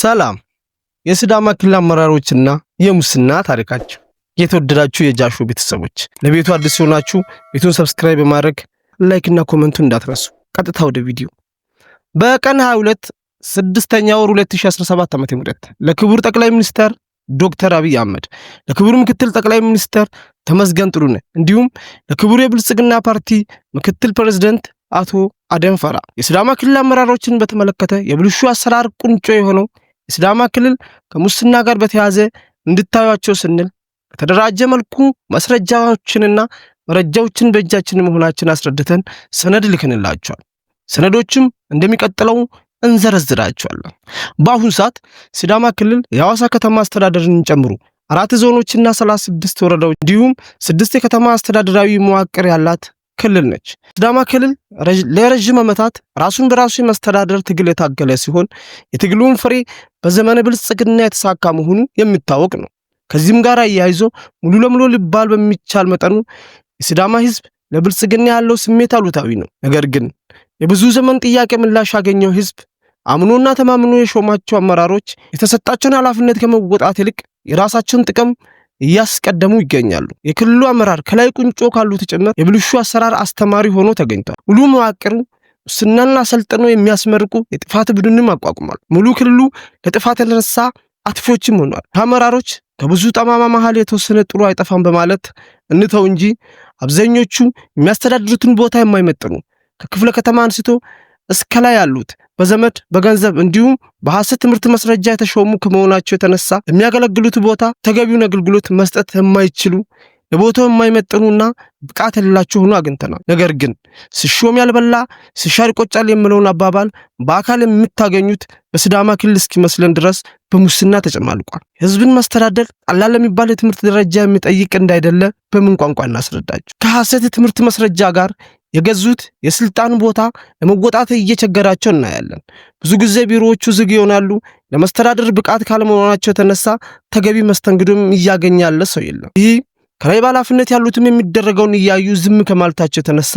ሰላም የሲዳማ ክልል አመራሮችና የሙስና ታሪካቸው። የተወደዳችሁ የጃሾ ቤተሰቦች ለቤቱ አዲስ የሆናችሁ ቤቱን ሰብስክራይብ በማድረግ ላይክና ኮመንቱ እንዳትረሱ። ቀጥታ ወደ ቪዲዮ። በቀን 22 ስድስተኛ ወር 2017 ዓ.ም ለክቡር ጠቅላይ ሚኒስተር ዶክተር አብይ አህመድ ለክቡር ምክትል ጠቅላይ ሚኒስተር ተመስገን ጥሩነህ እንዲሁም ለክቡር የብልጽግና ፓርቲ ምክትል ፕሬዝደንት አቶ አደንፈራ የሲዳማ ክልል አመራሮችን በተመለከተ የብልሹ አሰራር ቁንጮ የሆነው የሲዳማ ክልል ከሙስና ጋር በተያያዘ እንድታዩቸው ስንል በተደራጀ መልኩ ማስረጃዎችንና መረጃዎችን በእጃችን መሆናችን አስረድተን ሰነድ ልክንላቸዋል። ሰነዶችም እንደሚቀጥለው እንዘረዝራቸዋለን። በአሁኑ ሰዓት ሲዳማ ክልል የሐዋሳ ከተማ አስተዳደርን ጨምሮ አራት ዞኖችና 36 ወረዳዎች እንዲሁም ስድስት የከተማ አስተዳደራዊ መዋቅር ያላት ክልል ነች። ሲዳማ ክልል ለረዥም ዓመታት ራሱን በራሱ የመስተዳደር ትግል የታገለ ሲሆን የትግሉን ፍሬ በዘመነ ብልጽግና የተሳካ መሆኑ የሚታወቅ ነው። ከዚህም ጋር አያይዞ ሙሉ ለሙሉ ሊባል በሚቻል መጠኑ የሲዳማ ህዝብ ለብልጽግና ያለው ስሜት አሉታዊ ነው። ነገር ግን የብዙ ዘመን ጥያቄ ምላሽ ያገኘው ህዝብ አምኖና ተማምኖ የሾማቸው አመራሮች የተሰጣቸውን ኃላፊነት ከመወጣት ይልቅ የራሳቸውን ጥቅም እያስቀደሙ ይገኛሉ። የክልሉ አመራር ከላይ ቁንጮ ካሉት ጭምር የብልሹ አሰራር አስተማሪ ሆኖ ተገኝቷል። ሙሉ መዋቅሩ ሙስናና አሰልጥኖ የሚያስመርቁ የጥፋት ቡድንም አቋቁሟል። ሙሉ ክልሉ ለጥፋት የተነሳ አጥፊዎችም ሆኗል። ከአመራሮች ከብዙ ጠማማ መሀል የተወሰነ ጥሩ አይጠፋም በማለት እንተው እንጂ አብዛኞቹ የሚያስተዳድሩትን ቦታ የማይመጥኑ ከክፍለ ከተማ አንስቶ እስከ ላይ ያሉት በዘመድ በገንዘብ እንዲሁም በሐሰት ትምህርት መስረጃ የተሾሙ ከመሆናቸው የተነሳ የሚያገለግሉት ቦታ ተገቢውን አገልግሎት መስጠት የማይችሉ ለቦታው የማይመጥኑና ብቃት የሌላቸው ሆኖ አግኝተናል። ነገር ግን ስሾም ያልበላ ስሻር ይቆጫል የሚለውን አባባል በአካል የምታገኙት በስዳማ ክልል እስኪመስለን ድረስ በሙስና ተጨማልቋል። ህዝብን ማስተዳደር ቀላል የሚባል የትምህርት ደረጃ የሚጠይቅ እንዳይደለ በምን ቋንቋ እናስረዳችሁ? ከሐሰት የትምህርት መስረጃ ጋር የገዙት የስልጣን ቦታ ለመወጣት እየቸገራቸው እናያለን። ብዙ ጊዜ ቢሮዎቹ ዝግ ይሆናሉ። ለመስተዳደር ብቃት ካለመሆናቸው የተነሳ ተገቢ መስተንግዶም እያገኘ ያለ ሰው የለም። ይህ ከላይ በኃላፊነት ያሉትም የሚደረገውን እያዩ ዝም ከማለታቸው የተነሳ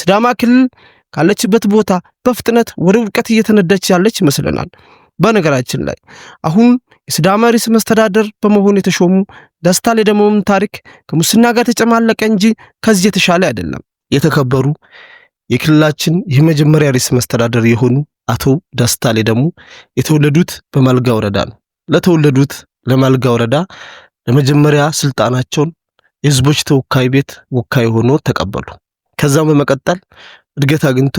ሲዳማ ክልል ካለችበት ቦታ በፍጥነት ወደ ውድቀት እየተነዳች ያለች ይመስለናል። በነገራችን ላይ አሁን የሲዳማ ርዕሰ መስተዳደር በመሆን የተሾሙ ደስታ ሌዳሞም ታሪክ ከሙስና ጋር ተጨማለቀ እንጂ ከዚህ የተሻለ አይደለም። የተከበሩ የክልላችን የመጀመሪያ ርዕሰ መስተዳደር የሆኑ አቶ ደስታ ደግሞ የተወለዱት በማልጋ ወረዳ ነው። ለተወለዱት ለማልጋ ወረዳ ለመጀመሪያ ስልጣናቸውን የህዝቦች ተወካይ ቤት ወካይ ሆኖ ተቀበሉ። ከዛም በመቀጠል እድገት አግኝቶ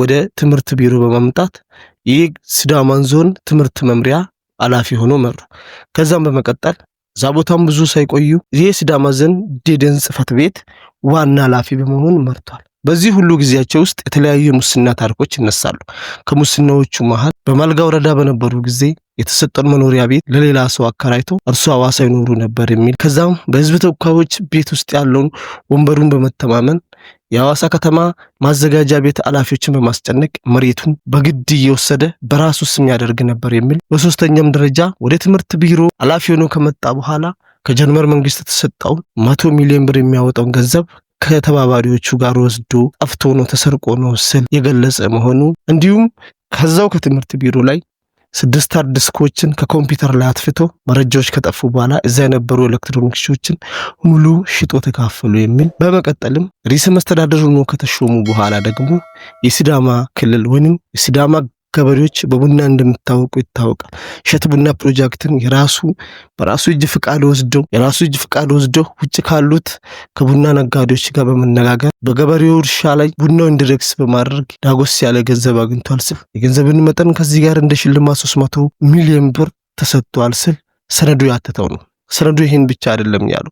ወደ ትምህርት ቢሮ በማምጣት የሲዳማን ዞን ትምህርት መምሪያ ኃላፊ ሆኖ መሩ። ከዛም በመቀጠል እዛ ቦታም ብዙ ሳይቆዩ ይህ ሲዳማ ዞን ደኢህዴን ቤት ዋና ኃላፊ በመሆን መርቷል። በዚህ ሁሉ ጊዜያቸው ውስጥ የተለያዩ የሙስና ታሪኮች ይነሳሉ። ከሙስናዎቹ መሀል በማልጋ ወረዳ በነበሩ ጊዜ የተሰጠን መኖሪያ ቤት ለሌላ ሰው አከራይቶ እርሱ አዋሳ ይኖሩ ነበር የሚል ከዛም በህዝብ ተወካዮች ቤት ውስጥ ያለውን ወንበሩን በመተማመን የአዋሳ ከተማ ማዘጋጃ ቤት ኃላፊዎችን በማስጨነቅ መሬቱን በግድ እየወሰደ በራሱ ስም ያደርግ ነበር የሚል በሶስተኛም ደረጃ ወደ ትምህርት ቢሮ ኃላፊ ሆኖ ከመጣ በኋላ ከጀርመን መንግስት የተሰጠው መቶ ሚሊዮን ብር የሚያወጣውን ገንዘብ ከተባባሪዎቹ ጋር ወስዶ ጠፍቶ ነው ተሰርቆ ነው ስል የገለጸ መሆኑ እንዲሁም ከዛው ከትምህርት ቢሮ ላይ ስድስት ሃርድ ዲስኮችን ከኮምፒውተር ላይ አትፍቶ መረጃዎች ከጠፉ በኋላ እዛ የነበሩ ኤሌክትሮኒክሶችን ሙሉ ሽጦ ተካፈሉ የሚል በመቀጠልም ርዕሰ መስተዳደር ሆኖ ከተሾሙ በኋላ ደግሞ የሲዳማ ክልል ወይም የሲዳማ ገበሬዎች በቡና እንደምታወቁ ይታወቃል። እሸት ቡና ፕሮጀክትን የራሱ በራሱ እጅ ፍቃድ ወስደው የራሱ እጅ ፍቃድ ወስደው ውጭ ካሉት ከቡና ነጋዴዎች ጋር በመነጋገር በገበሬው እርሻ ላይ ቡናው እንዲረግስ በማድረግ ዳጎስ ያለ ገንዘብ አግኝቷል ስል የገንዘብን መጠን ከዚህ ጋር እንደ ሽልማት 300 ሚሊዮን ብር ተሰጥቷል ስል ሰነዱ ያተተው ነው። ሰነዱ ይህን ብቻ አይደለም ያሉ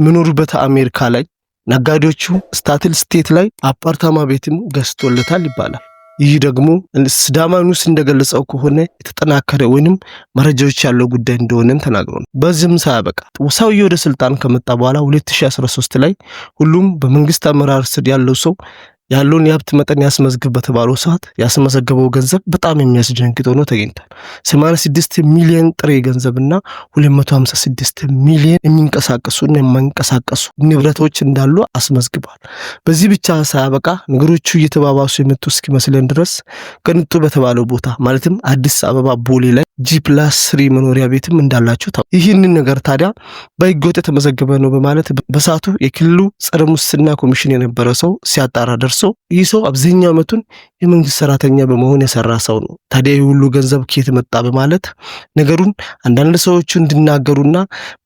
የሚኖሩበት አሜሪካ ላይ ነጋዴዎቹ ስታትል ስቴት ላይ አፓርታማ ቤትም ገዝቶለታል ይባላል። ይህ ደግሞ ሲዳማ ኒውስ እንደገለጸው ከሆነ የተጠናከረ ወይንም መረጃዎች ያለው ጉዳይ እንደሆነም ነው። በዚህም ሳያበቃ ሰውዬ ወደ ስልጣን ከመጣ በኋላ 2013 ላይ ሁሉም በመንግስት አመራር ስር ያለው ሰው ያለውን የሀብት መጠን ያስመዝግብ በተባለው ሰዓት ያስመዘገበው ገንዘብ በጣም የሚያስደነግጥ ሆኖ ተገኝቷል። 86 ሚሊዮን ጥሬ ገንዘብና 256 ሚሊዮን የሚንቀሳቀሱና የማይንቀሳቀሱ ንብረቶች እንዳሉ አስመዝግቧል። በዚህ ብቻ ሳያበቃ ነገሮቹ እየተባባሱ የመጡ እስኪመስለን ድረስ ቅንጡ በተባለው ቦታ ማለትም አዲስ አበባ ቦሌ ላይ ጂ ፕላስ ስሪ መኖሪያ ቤትም እንዳላቸው ታ ይህንን ነገር ታዲያ በህገወጥ የተመዘገበ ነው በማለት በሰዓቱ የክልሉ ጸረ ሙስና ኮሚሽን የነበረ ሰው ሲያጣራ ደርስ ሰው ይህ ሰው አብዛኛው ዓመቱን የመንግስት ሰራተኛ በመሆን የሰራ ሰው ነው። ታዲያ ሁሉ ገንዘብ ከየት መጣ በማለት ነገሩን አንዳንድ ሰዎቹ እንዲናገሩና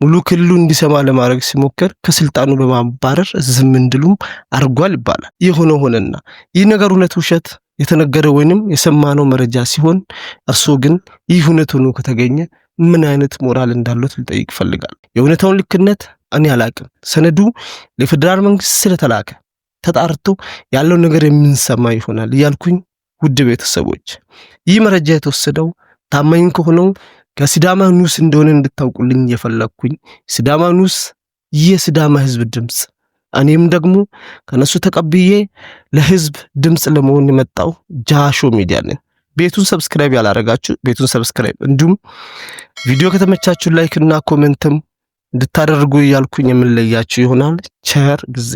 ሙሉ ክልሉ እንዲሰማ ለማድረግ ሲሞከር ከስልጣኑ በማባረር ዝም እንድሉም አድርጓል ይባላል። የሆነ ሆነና ይህ ነገር እውነት ውሸት የተነገረ ወይንም የሰማነው መረጃ ሲሆን እርሶ ግን ይህ እውነት ሆኖ ከተገኘ ምን አይነት ሞራል እንዳለት ልጠይቅ ይፈልጋል። የእውነታውን ልክነት እኔ አላቅም። ሰነዱ ለፌዴራል መንግስት ስለተላከ ተጣርቶ ያለው ነገር የምንሰማ ይሆናል እያልኩኝ ውድ ቤተሰቦች ይህ መረጃ የተወሰደው ታማኝ ከሆነው ከሲዳማ ኑስ እንደሆነ እንድታውቁልኝ እየፈለግኩኝ ሲዳማ ኑስ ይህ የሲዳማ ህዝብ ድምፅ እኔም ደግሞ ከነሱ ተቀብዬ ለህዝብ ድምፅ ለመሆን የመጣው ጃሾ ሚዲያ ነን። ቤቱን ሰብስክራይብ ያላረጋችሁ ቤቱን ሰብስክራይብ፣ እንዲሁም ቪዲዮ ከተመቻችሁ ላይክ እና ኮሜንትም እንድታደርጉ እያልኩኝ የምንለያችሁ ይሆናል። ቸር ጊዜ